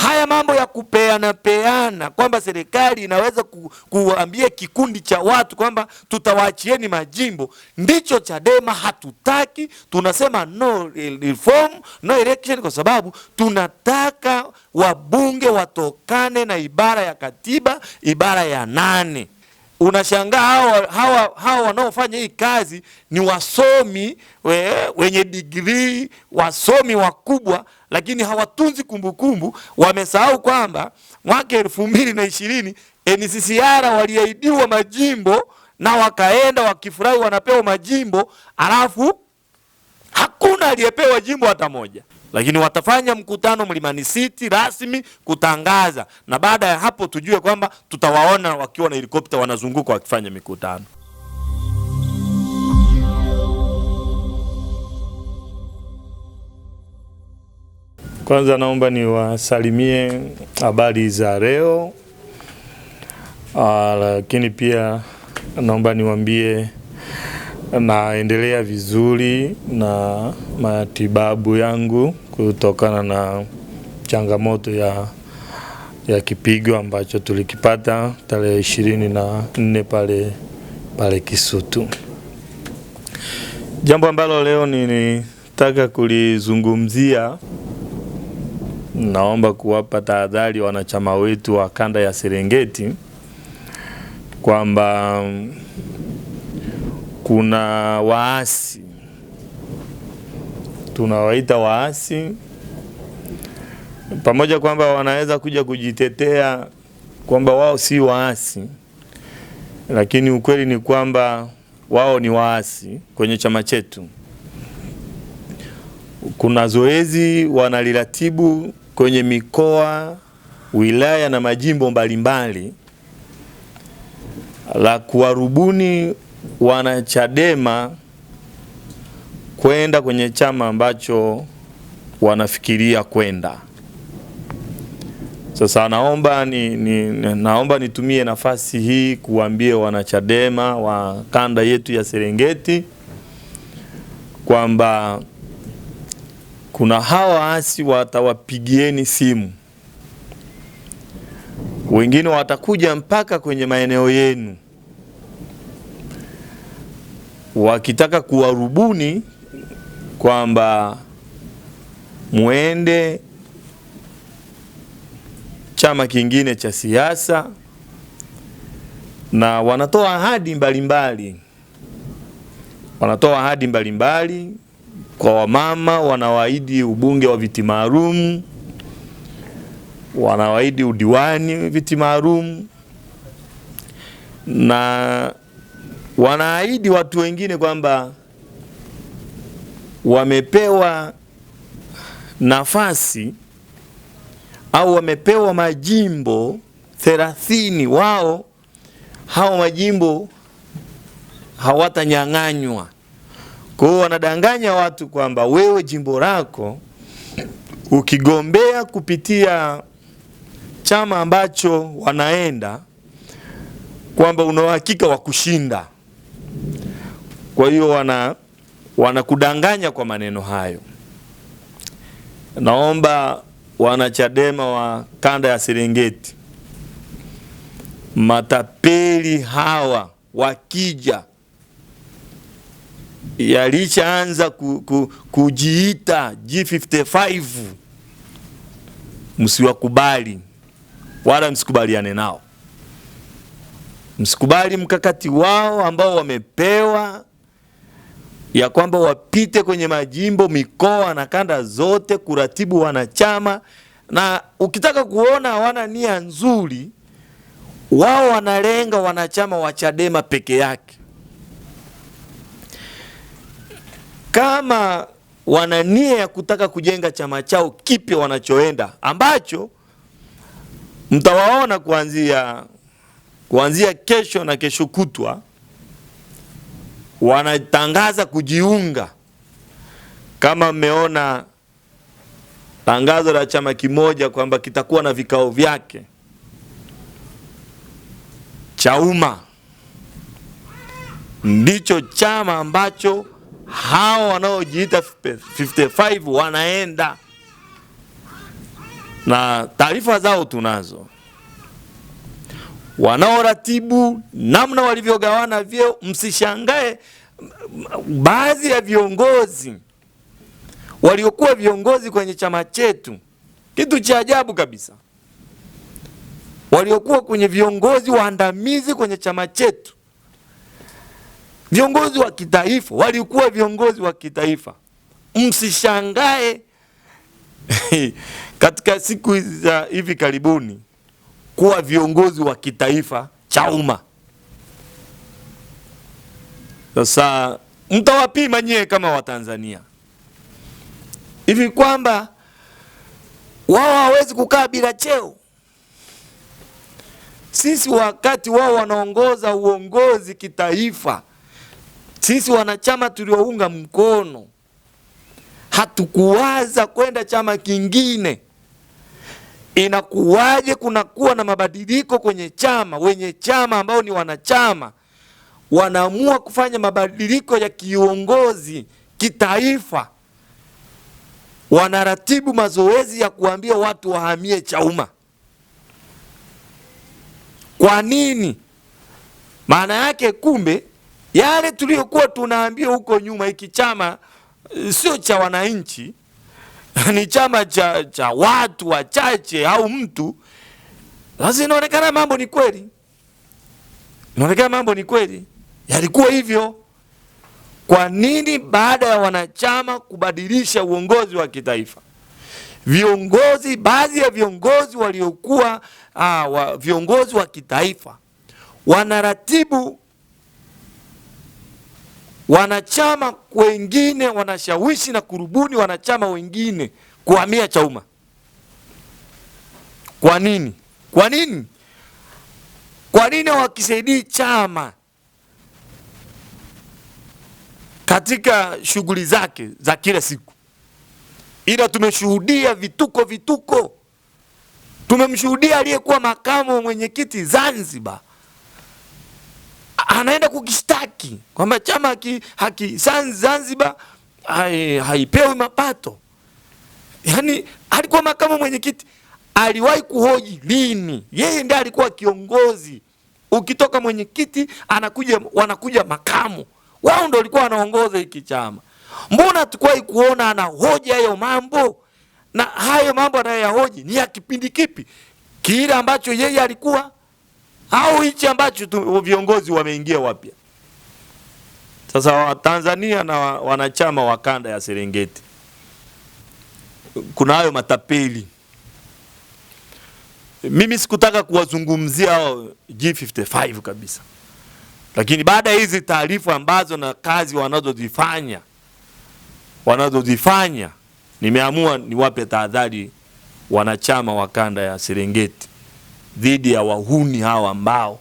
Haya mambo ya kupeana peana kwamba serikali inaweza ku, kuambia kikundi cha watu kwamba tutawaachieni majimbo, ndicho Chadema hatutaki. Tunasema no reform, no election, kwa sababu tunataka wabunge watokane na ibara ya katiba, ibara ya nane. Unashangaa hawa hawa hawa wanaofanya hii kazi ni wasomi we, wenye digrii, wasomi wakubwa lakini hawatunzi kumbukumbu. Wamesahau kwamba mwaka elfu mbili na ishirini NCCR waliahidiwa majimbo na wakaenda wakifurahi, wanapewa majimbo, alafu hakuna aliyepewa jimbo hata moja. Lakini watafanya mkutano Mlimani City rasmi kutangaza, na baada ya hapo tujue kwamba tutawaona wakiwa na helikopta wanazunguka wakifanya mikutano. Kwanza naomba niwasalimie habari za leo, ah, lakini pia naomba niwaambie naendelea vizuri na matibabu yangu kutokana na changamoto ya, ya kipigo ambacho tulikipata tarehe ishirini na nne pale pale Kisutu. Jambo ambalo leo nilitaka kulizungumzia Naomba kuwapa tahadhari wanachama wetu wa kanda ya Serengeti kwamba kuna waasi, tunawaita waasi, pamoja kwamba wanaweza kuja kujitetea kwamba wao si waasi, lakini ukweli ni kwamba wao ni waasi kwenye chama chetu. Kuna zoezi wanaliratibu kwenye mikoa, wilaya na majimbo mbalimbali la kuwarubuni wanachadema kwenda kwenye chama ambacho wanafikiria kwenda. Sasa naomba ni, ni, naomba nitumie nafasi hii kuambia wanachadema wa kanda yetu ya Serengeti kwamba kuna hawa waasi watawapigieni simu, wengine watakuja mpaka kwenye maeneo yenu wakitaka kuwarubuni kwamba muende chama kingine cha siasa, na wanatoa ahadi mbalimbali, wanatoa ahadi mbalimbali kwa wamama wanawaahidi ubunge wa viti maalum, wanawaahidi udiwani viti maalum, na wanaahidi watu wengine kwamba wamepewa nafasi au wamepewa majimbo thelathini. Wao hao majimbo hawatanyang'anywa. Kwa hiyo wanadanganya watu kwamba wewe jimbo lako ukigombea kupitia chama ambacho wanaenda kwamba una uhakika wa kushinda. Kwa hiyo wana wanakudanganya kwa maneno hayo. Naomba wanachadema wa kanda ya Serengeti matapeli hawa wakija yalishaanza ku, ku, kujiita G55. Msiwakubali wala msikubaliane nao, msikubali mkakati wao ambao wamepewa ya kwamba wapite kwenye majimbo, mikoa na kanda zote kuratibu wanachama, na ukitaka kuona hawana nia nzuri, wao wanalenga wanachama wa Chadema peke yake. kama wana nia ya kutaka kujenga chama chao kipya wanachoenda ambacho mtawaona kuanzia kuanzia kesho na kesho kutwa wanatangaza kujiunga. Kama mmeona tangazo la chama kimoja kwamba kitakuwa na vikao vyake Chauma ndicho chama ambacho hao wanaojiita 55 wanaenda na taarifa zao tunazo, wanaoratibu namna walivyogawana vyeo. Msishangae baadhi ya viongozi waliokuwa viongozi kwenye chama chetu, kitu cha ajabu kabisa, waliokuwa kwenye viongozi waandamizi kwenye chama chetu Viongozi wa kitaifa walikuwa viongozi wa kitaifa, msishangae katika siku za hivi karibuni kuwa viongozi wa kitaifa cha umma Sasa mtawapima nyie kama Watanzania hivi kwamba wao hawezi kukaa bila cheo. Sisi wakati wao wanaongoza uongozi kitaifa sisi wanachama tuliounga mkono hatukuwaza kwenda chama kingine. Inakuwaje kunakuwa na mabadiliko kwenye chama, wenye chama ambao ni wanachama wanaamua kufanya mabadiliko ya kiongozi kitaifa, wanaratibu mazoezi ya kuambia watu wahamie Chauma. Kwa nini? Maana yake kumbe yale tuliyokuwa tunaambia huko nyuma, hiki chama eh, sio cha wananchi ni chama cha, cha watu wachache au mtu. lazima inaonekana mambo ni kweli, inaonekana mambo ni kweli, yalikuwa hivyo. Kwa nini baada ya wanachama kubadilisha uongozi wa kitaifa viongozi, baadhi ya viongozi waliokuwa ah, wa, viongozi wa kitaifa wanaratibu wanachama wengine wanashawishi na kurubuni wanachama wengine kuhamia Chauma. Kwa nini? Kwa nini? Kwa nini wakisaidii chama katika shughuli zake za kila siku? Ila tumeshuhudia vituko vituko, tumemshuhudia aliyekuwa makamu mwenyekiti Zanzibar anaenda kukishtaki kwamba chama haki, haki Zanzibar hai, haipewi mapato. Yaani alikuwa makamu mwenyekiti, aliwahi kuhoji lini? Yeye ndiye alikuwa kiongozi. Ukitoka mwenyekiti anakuja, wanakuja makamu, wao ndio walikuwa wanaongoza hiki chama. Mbona tukuwahi kuona anahoji hayo mambo? Na hayo mambo anayoyahoji ni ya kipindi kipi? Kile ambacho yeye alikuwa au hichi ambacho viongozi wameingia wapya sasa, Watanzania na wanachama wa kanda ya Serengeti, kuna hayo matapeli. Mimi sikutaka kuwazungumzia hao G55 kabisa, lakini baada ya hizi taarifa ambazo na kazi wanazozifanya wanazozifanya, nimeamua niwape tahadhari wanachama wa kanda ya Serengeti dhidi ya wahuni hawa ambao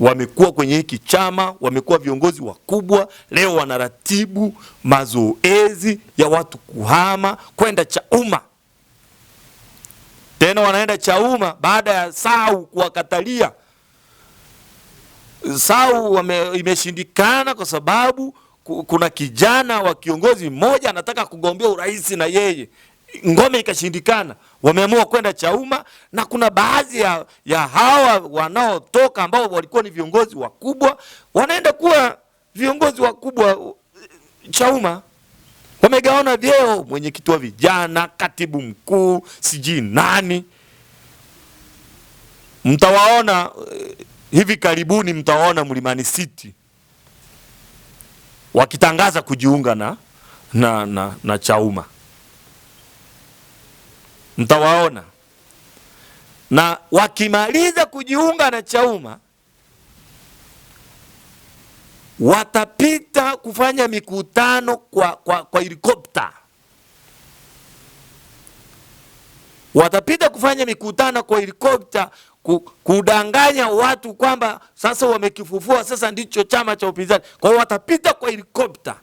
wamekuwa kwenye hiki chama, wamekuwa viongozi wakubwa, leo wanaratibu mazoezi ya watu kuhama kwenda Chauma. Tena wanaenda Chauma baada ya sau kuwakatalia. Sau imeshindikana kwa sababu kuna kijana wa kiongozi mmoja anataka kugombea urais na yeye ngome ikashindikana, wameamua kwenda Chauma, na kuna baadhi ya, ya hawa wanaotoka ambao walikuwa ni viongozi wakubwa wanaenda kuwa viongozi wakubwa eh, Chauma, wamegawana vyeo, mwenyekiti wa vijana, katibu mkuu, sijui nani. Mtawaona eh, hivi karibuni, mtawaona Mlimani City wakitangaza kujiunga na, na, na, na Chauma mtawaona, na wakimaliza kujiunga na Chauma watapita kufanya mikutano kwa, kwa, kwa helikopta watapita kufanya mikutano kwa helikopta kudanganya watu kwamba sasa wamekifufua, sasa ndicho chama cha upinzani. Kwa hiyo watapita kwa helikopta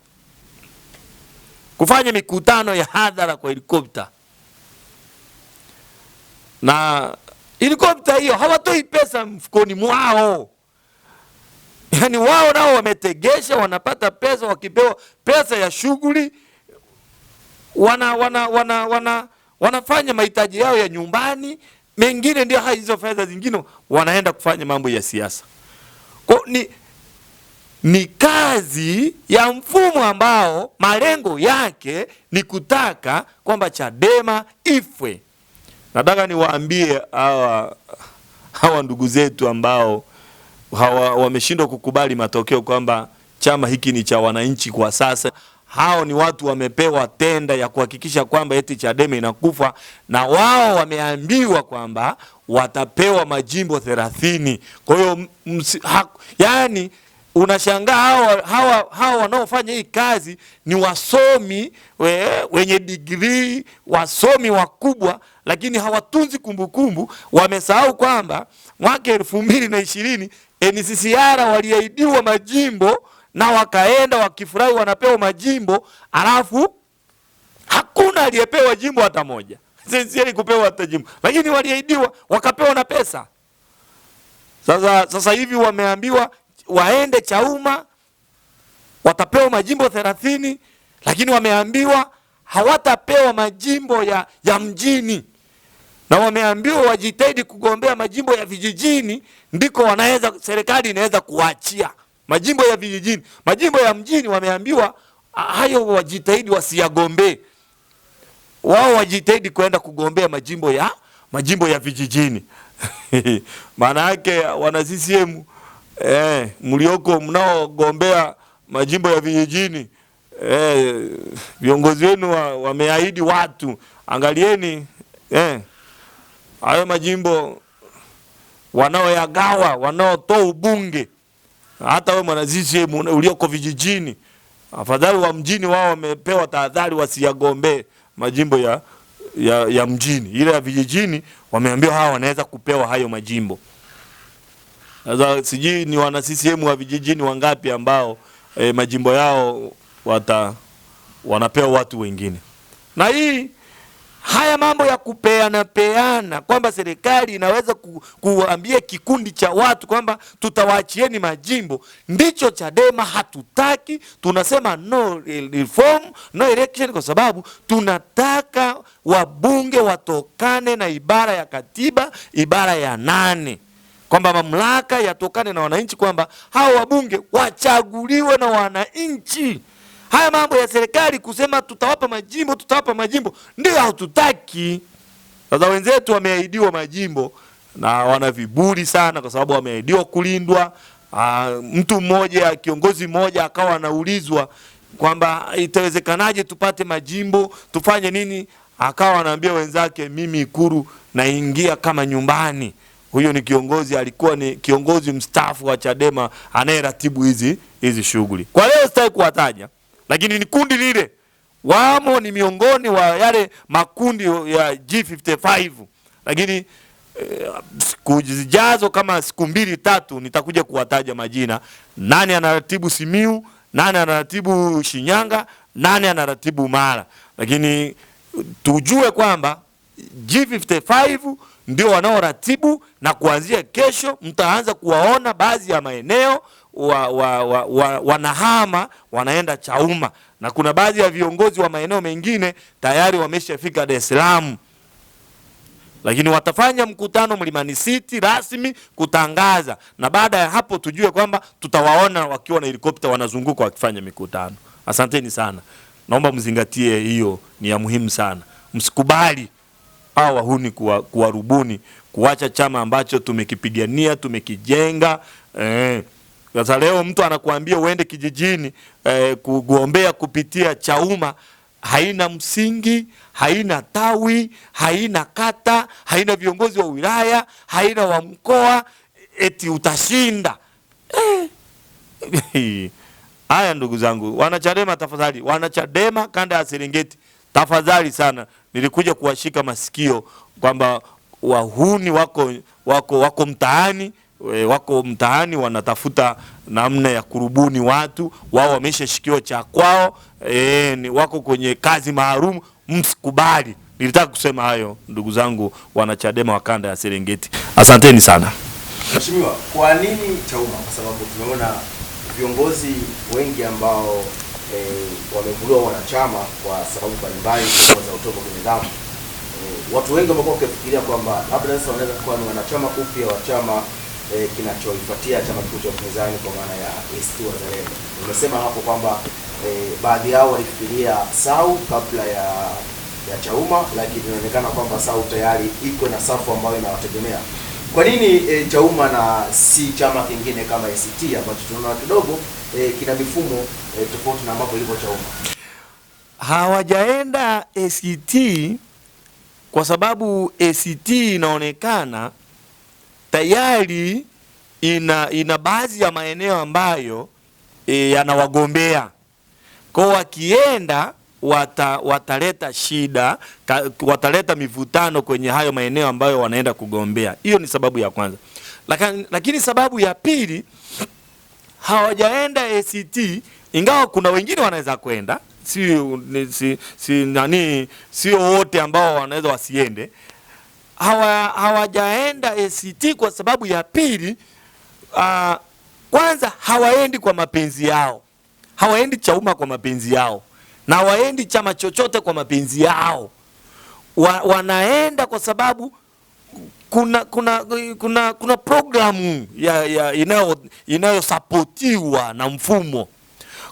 kufanya mikutano ya hadhara kwa helikopta na helikopta hiyo hawatoi pesa mfukoni mwao, yaani wao nao wametegesha, wanapata pesa, wakipewa pesa ya shughuli wana, wana, wana, wana, wanafanya mahitaji yao ya nyumbani, mengine ndio hai hizo fedha zingine wanaenda kufanya mambo ya siasa. Kwa ni, ni kazi ya mfumo ambao malengo yake ni kutaka kwamba Chadema ifwe. Nataka niwaambie hawa hawa ndugu zetu ambao hawa wameshindwa kukubali matokeo kwamba chama hiki ni cha wananchi kwa sasa. Hao ni watu wamepewa tenda ya kuhakikisha kwamba eti Chadema inakufa, na wao wameambiwa kwamba watapewa majimbo thelathini. Kwa hiyo yani unashangaa hawa, hawa, hawa wanaofanya hii kazi ni wasomi we, wenye digrii, wasomi wakubwa, lakini hawatunzi kumbukumbu. Wamesahau kwamba mwaka elfu mbili na ishirini NCCR waliahidiwa majimbo na wakaenda wakifurahi, wanapewa majimbo, alafu hakuna aliyepewa jimbo hata moja, Sisi kupewa hata jimbo, lakini waliahidiwa wakapewa na pesa. Sasa, sasa hivi wameambiwa waende Chauma watapewa majimbo thelathini, lakini wameambiwa hawatapewa majimbo ya, ya mjini na wameambiwa wajitahidi kugombea majimbo ya vijijini, ndiko wanaweza serikali inaweza kuachia majimbo ya vijijini. Majimbo ya mjini wameambiwa ah, hayo wajitahidi wasiyagombee, wao wajitahidi kwenda kugombea majimbo ya majimbo ya vijijini maana yake wana CCM eh, mlioko mnaogombea majimbo ya vijijini eh, viongozi wenu wameahidi wa watu, angalieni eh, hayo majimbo wanaoyagawa, wanaotoa ubunge. Hata wewe mwana CCM ulioko vijijini, afadhali wa mjini, wao wamepewa tahadhari wasiyagombee majimbo ya, ya, ya mjini. Ile ya vijijini wameambiwa hawa wanaweza kupewa hayo majimbo. Sasa sijui ni wana CCM wa vijijini wangapi ambao e, majimbo yao wata wanapewa watu wengine. Na hii haya mambo ya kupeana peana kwamba serikali inaweza ku, kuambia kikundi cha watu kwamba tutawaachieni majimbo, ndicho Chadema hatutaki. Tunasema no reform, no election, kwa sababu tunataka wabunge watokane na ibara ya katiba, ibara ya nane kwamba mamlaka yatokane na wananchi, kwamba hao wabunge wachaguliwe na wananchi. Haya mambo ya serikali kusema tutawapa majimbo, tutawapa majimbo, ndio hatutaki. Sasa wenzetu wameahidiwa majimbo na wana viburi sana, kwa sababu wameahidiwa kulindwa. Aa, ah, mtu mmoja kiongozi mmoja akawa anaulizwa kwamba itawezekanaje tupate majimbo, tufanye nini? Akawa anaambia wenzake, mimi Ikulu naingia kama nyumbani. Huyo ni kiongozi, alikuwa ni kiongozi mstaafu wa Chadema anayeratibu hizi hizi shughuli. Kwa leo sitaki kuwataja, lakini ni kundi lile, wamo ni miongoni wa yale makundi ya G55, lakini eh, siku zijazo kama siku mbili tatu nitakuja kuwataja majina, nani anaratibu Simiu, nani anaratibu Shinyanga, nani anaratibu Mara, lakini tujue kwamba G55 ndio wanaoratibu na kuanzia kesho mtaanza kuwaona baadhi ya maeneo wa, wa, wa, wa, wanahama wanaenda Chauma, na kuna baadhi ya viongozi wa maeneo mengine tayari wameshafika Dar es Salaam, lakini watafanya mkutano Mlimani City rasmi kutangaza, na baada ya hapo tujue kwamba tutawaona wakiwa na helikopta wanazunguka wakifanya mikutano. Asanteni sana, naomba mzingatie hiyo, ni ya muhimu sana. Msikubali au wahuni kuwarubuni kuacha chama ambacho tumekipigania tumekijenga. Eh. Sasa leo mtu anakuambia uende kijijini eh, kugombea kupitia Chauma haina msingi, haina tawi, haina kata, haina viongozi wa wilaya, haina wa mkoa, eti utashinda eh. Haya ndugu zangu, wanachadema tafadhali, wanachadema kanda ya Serengeti tafadhali sana nilikuja kuwashika masikio kwamba wahuni wako, wako, wako mtaani wako mtaani wanatafuta namna ya kurubuni watu wao, wameshashikiwa cha kwao e, wako kwenye kazi maalum, msikubali. Nilitaka kusema hayo, ndugu zangu wanachadema wa kanda ya Serengeti, asanteni sana. Mheshimiwa, kwa nini Chauma? Kwa sababu tumeona viongozi wengi ambao eh, wamevuliwa wanachama kwa sababu mbalimbali za utovu kwenye nidhamu. Eh, watu wengi wamekuwa wakifikiria kwamba labda sasa wanaweza kuwa ni wanachama upya wa chama eh, kinachoifuatia chama kikuu cha upinzani kwa maana ya ACT Wazalendo. Umesema hapo kwamba eh, baadhi yao walifikiria SAU kabla ya ya Chauma, lakini inaonekana kwamba SAU tayari iko na safu ambayo inawategemea. Kwa nini eh, Chauma na si chama kingine kama ACT ambacho tunaona kidogo eh, kina mifumo eh, tofauti na ambapo ilivyo CHAUMMA. Hawajaenda ACT kwa sababu ACT inaonekana tayari ina, ina baadhi ya maeneo ambayo e, yanawagombea kwao, wakienda wata, wataleta shida ka, wataleta mivutano kwenye hayo maeneo ambayo wanaenda kugombea. Hiyo ni sababu ya kwanza, lakini, lakini sababu ya pili hawajaenda ACT, ingawa kuna wengine wanaweza kwenda, si, si, si nani, sio wote ambao wanaweza wasiende. Hawa, hawajaenda ACT kwa sababu ya pili. Uh, kwanza hawaendi kwa mapenzi yao, hawaendi Chauma kwa mapenzi yao, na hawaendi chama chochote kwa mapenzi yao wa, wanaenda kwa sababu kuna, kuna, kuna, kuna programu ya, ya inayosapotiwa inayo na mfumo.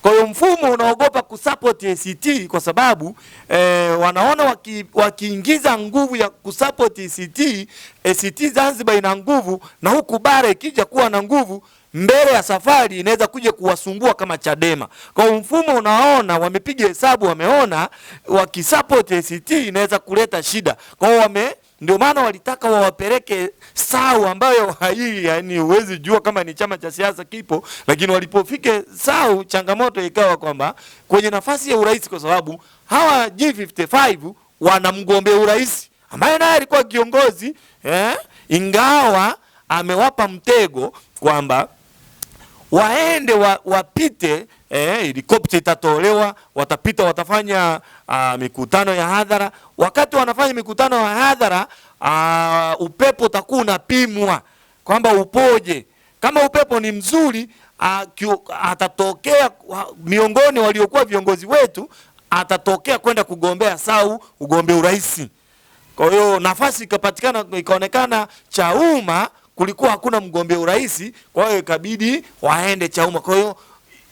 Kwa hiyo mfumo unaogopa kusupport ACT kwa sababu eh, wanaona waki, wakiingiza nguvu ya kusupport ACT, ACT Zanzibar ina nguvu na huku bara ikija kuwa na nguvu mbele ya safari inaweza kuja kuwasumbua kama Chadema. Kwa mfumo unaona, wamepiga hesabu, wameona wakisupport ACT inaweza kuleta shida, kwa hiyo wame ndio maana walitaka wawapeleke SAU ambayo hai, yani huwezi jua kama ni chama cha siasa kipo, lakini walipofike SAU changamoto ikawa kwamba kwenye nafasi ya urais, kwa sababu hawa G55 wanamgombea urais ambaye naye alikuwa kiongozi eh, ingawa amewapa mtego kwamba waende wapite Eh, helikopta itatolewa, watapita, watafanya uh, mikutano ya hadhara. Wakati wanafanya mikutano ya hadhara uh, upepo utakuwa unapimwa kwamba upoje. Kama upepo ni mzuri uh, ah, kiu, atatokea miongoni waliokuwa viongozi wetu, atatokea kwenda kugombea sau ugombea urais. Kwa hiyo nafasi ikapatikana, ikaonekana Chauma kulikuwa hakuna mgombea urais, kwa hiyo ikabidi waende Chauma. Kwa hiyo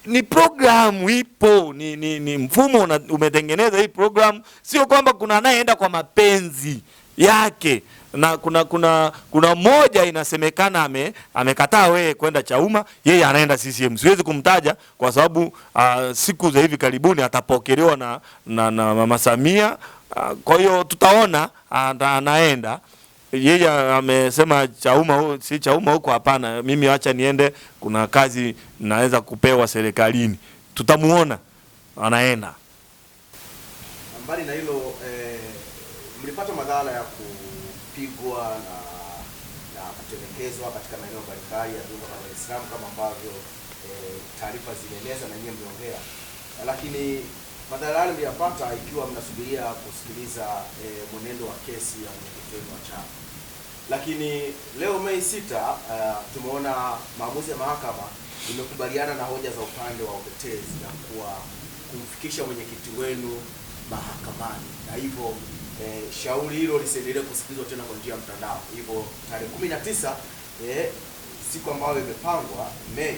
ni programu ipo, ni, ni, ni mfumo umetengeneza hii programu. Sio kwamba kuna anayeenda kwa mapenzi yake na kuna kuna kuna mmoja inasemekana ame, amekataa wewe kwenda Chauma, yeye anaenda CCM. Siwezi kumtaja kwa sababu uh, siku za hivi karibuni atapokelewa na, na, na Mama Samia uh, kwa hiyo tutaona uh, anaenda yeye amesema Chauma si Chauma huko, hapana, mimi acha niende, kuna kazi naweza kupewa serikalini. Tutamuona anaenda mbali na hilo eh, mlipata madhara ya kupigwa na, na kutelekezwa katika maeneo mbalimbali ya viunga vya Dar kama ambavyo eh, taarifa zimeeleza na nyinyi mliongea, lakini madhara yale mliyapata ikiwa mnasubiria kusikiliza e, mwenendo wa kesi ya mwenyekiti wenu wa chama. Lakini leo Mei sita, uh, tumeona maamuzi ya mahakama imekubaliana na hoja za upande wa utetezi na kuwa kumfikisha mwenyekiti wenu mahakamani na hivyo e, shauri hilo lisiendelee kusikilizwa tena kwa njia ya mtandao. Hivyo tarehe kumi na tisa eh, siku ambayo imepangwa Mei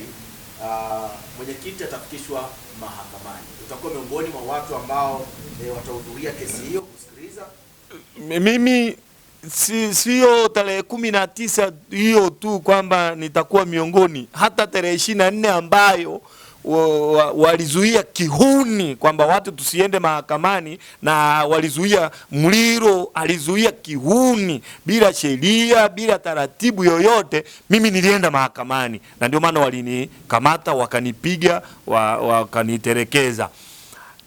uh, mwenyekiti atafikishwa mahakamani. Utakuwa miongoni mwa watu ambao eh, watahudhuria kesi hiyo kusikiliza. Mimi siyo tarehe kumi na tisa hiyo tu kwamba nitakuwa miongoni, hata tarehe ishirini na nne ambayo walizuia kihuni kwamba watu tusiende mahakamani, na walizuia Mliro alizuia kihuni bila sheria, bila taratibu yoyote. Mimi nilienda mahakamani na ndio maana walinikamata, wakanipiga, wakaniterekeza.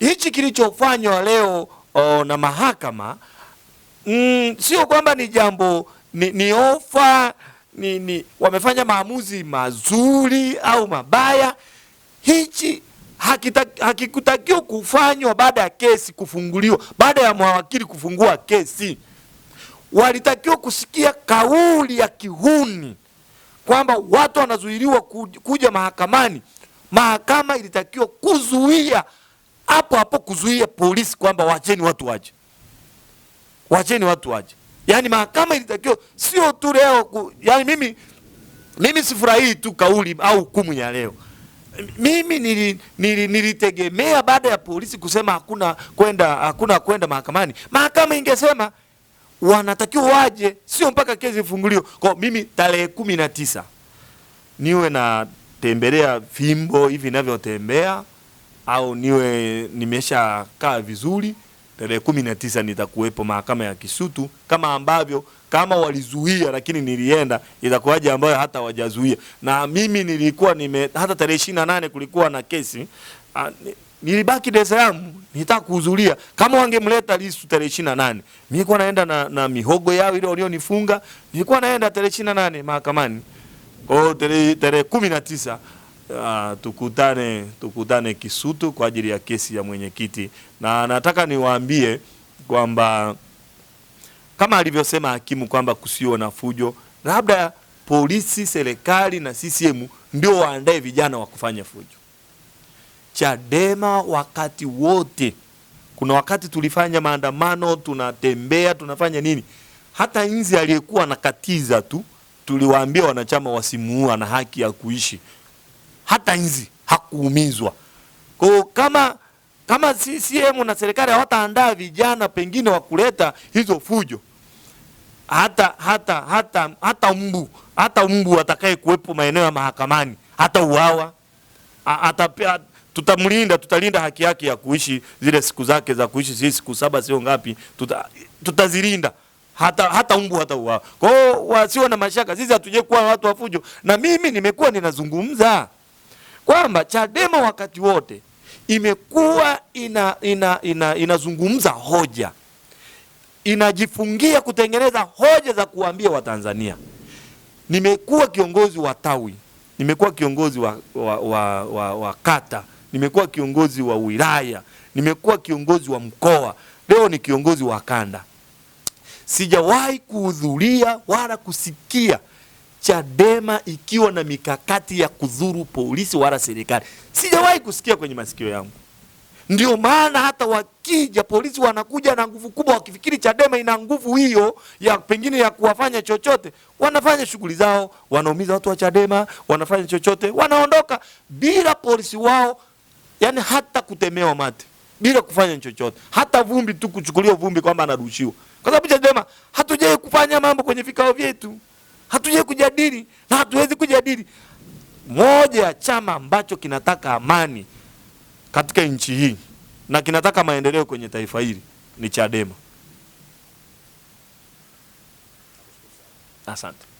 Hichi kilichofanywa leo o, na mahakama mm, sio kwamba ni jambo ni, ni ofa ni, ni, wamefanya maamuzi mazuri au mabaya hichi hakikutakiwa haki kufanywa baada ya kesi kufunguliwa, baada ya mawakili kufungua kesi. Walitakiwa kusikia kauli ya kihuni kwamba watu wanazuiliwa kuja mahakamani. Mahakama ilitakiwa kuzuia hapo hapo, kuzuia polisi kwamba wacheni watu waje, wacheni watu waje. Yani mahakama ilitakiwa sio tu leo ku, yani mimi, mimi sifurahii tu kauli au hukumu ya leo mimi nili, nili, nilitegemea baada ya polisi kusema hakuna kwenda hakuna kwenda mahakamani, mahakama ingesema wanatakiwa waje, sio mpaka kesi ifunguliwe. Kwa mimi tarehe kumi na tisa niwe natembelea fimbo hivi inavyotembea au niwe nimeshakaa vizuri tarehe kumi na tisa nitakuwepo mahakama ya Kisutu kama ambavyo kama walizuia lakini nilienda, itakuwaje ambayo hata wajazuia? Na mimi nilikuwa nime hata tarehe ishirini na nane kulikuwa na kesi a, ah, nilibaki Dar es Salaam nitaka kuhudhuria. Kama wangemleta Lissu tarehe ishirini na nane nilikuwa naenda na, na mihogo yao ile walionifunga, nilikuwa naenda tarehe ishirini na nane mahakamani. Kwa tarehe kumi na tisa uh, tukutane, tukutane Kisutu kwa ajili ya kesi ya mwenyekiti, na nataka niwaambie kwamba kama alivyosema hakimu kwamba kusio na fujo, labda polisi, serikali na CCM ndio waandae vijana wa kufanya fujo. Chadema wakati wote, kuna wakati tulifanya maandamano, tunatembea, tunafanya nini, hata nzi aliyekuwa anakatiza tu tuliwaambia wanachama wasimuua na haki ya kuishi hata nzi hakuumizwa. Kwa kama kama CCM na serikali hawataandaa vijana pengine wa kuleta hizo fujo, hata hata hata hata mbu hata mbu atakaye kuwepo maeneo ya mahakamani hata uawa atapea, tutamlinda tutalinda haki yake ya kuishi zile siku zake za kuishi, si siku saba sio ngapi, tuta, tutazilinda hata hata mbu hata uawa. Kwa hiyo na mashaka, sisi hatuje kuwa watu wafujo, na mimi nimekuwa ninazungumza kwamba Chadema wakati wote imekuwa inazungumza ina, ina, ina hoja, inajifungia kutengeneza hoja za kuambia Watanzania, nimekuwa kiongozi wa tawi, nimekuwa kiongozi wa, wa, wa, wa, wa kata, nimekuwa kiongozi wa wilaya, nimekuwa kiongozi wa mkoa, leo ni kiongozi wa kanda. Sijawahi kuhudhuria wala kusikia Chadema ikiwa na mikakati ya kudhuru polisi wala serikali, sijawahi kusikia kwenye masikio yangu. Ndio maana hata wakija polisi wanakuja na nguvu kubwa, wakifikiri Chadema ina nguvu hiyo ya pengine ya kuwafanya chochote. Wanafanya shughuli zao, wanaumiza watu wa Chadema, wanafanya chochote, wanaondoka bila polisi wao, yani hata kutemewa mate, bila kufanya chochote, hata vumbi tu kuchukuliwa vumbi kwamba anarushiwa, kwa sababu Chadema hatujai kufanya mambo kwenye vikao vyetu hatuje kujadili na hatuwezi kujadili. Moja ya chama ambacho kinataka amani katika nchi hii na kinataka maendeleo kwenye taifa hili ni Chadema. Asante.